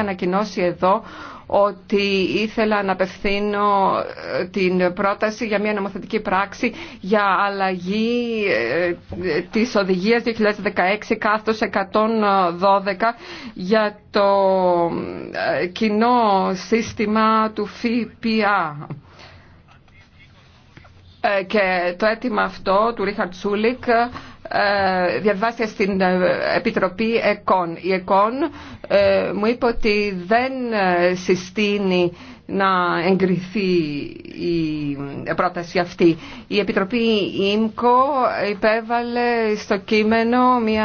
είχα ανακοινώσει εδώ ότι ήθελα να απευθύνω ε, την πρόταση για μια νομοθετική πράξη για αλλαγή ε, ε, της οδηγίας 2016 κάθος 112 για το κοινό σύστημα του ΦΠΑ. Και το αίτημα αυτό του Ρίχαρτ Σούλικ ε, διαβάστηκε στην ε, Επιτροπή ΕΚΟΝ. Η ΕΚΟΝ ε, μου είπε ότι δεν συστήνει να εγκριθεί η πρόταση αυτή. Η Επιτροπή ΙΜΚΟ υπέβαλε στο κείμενο μια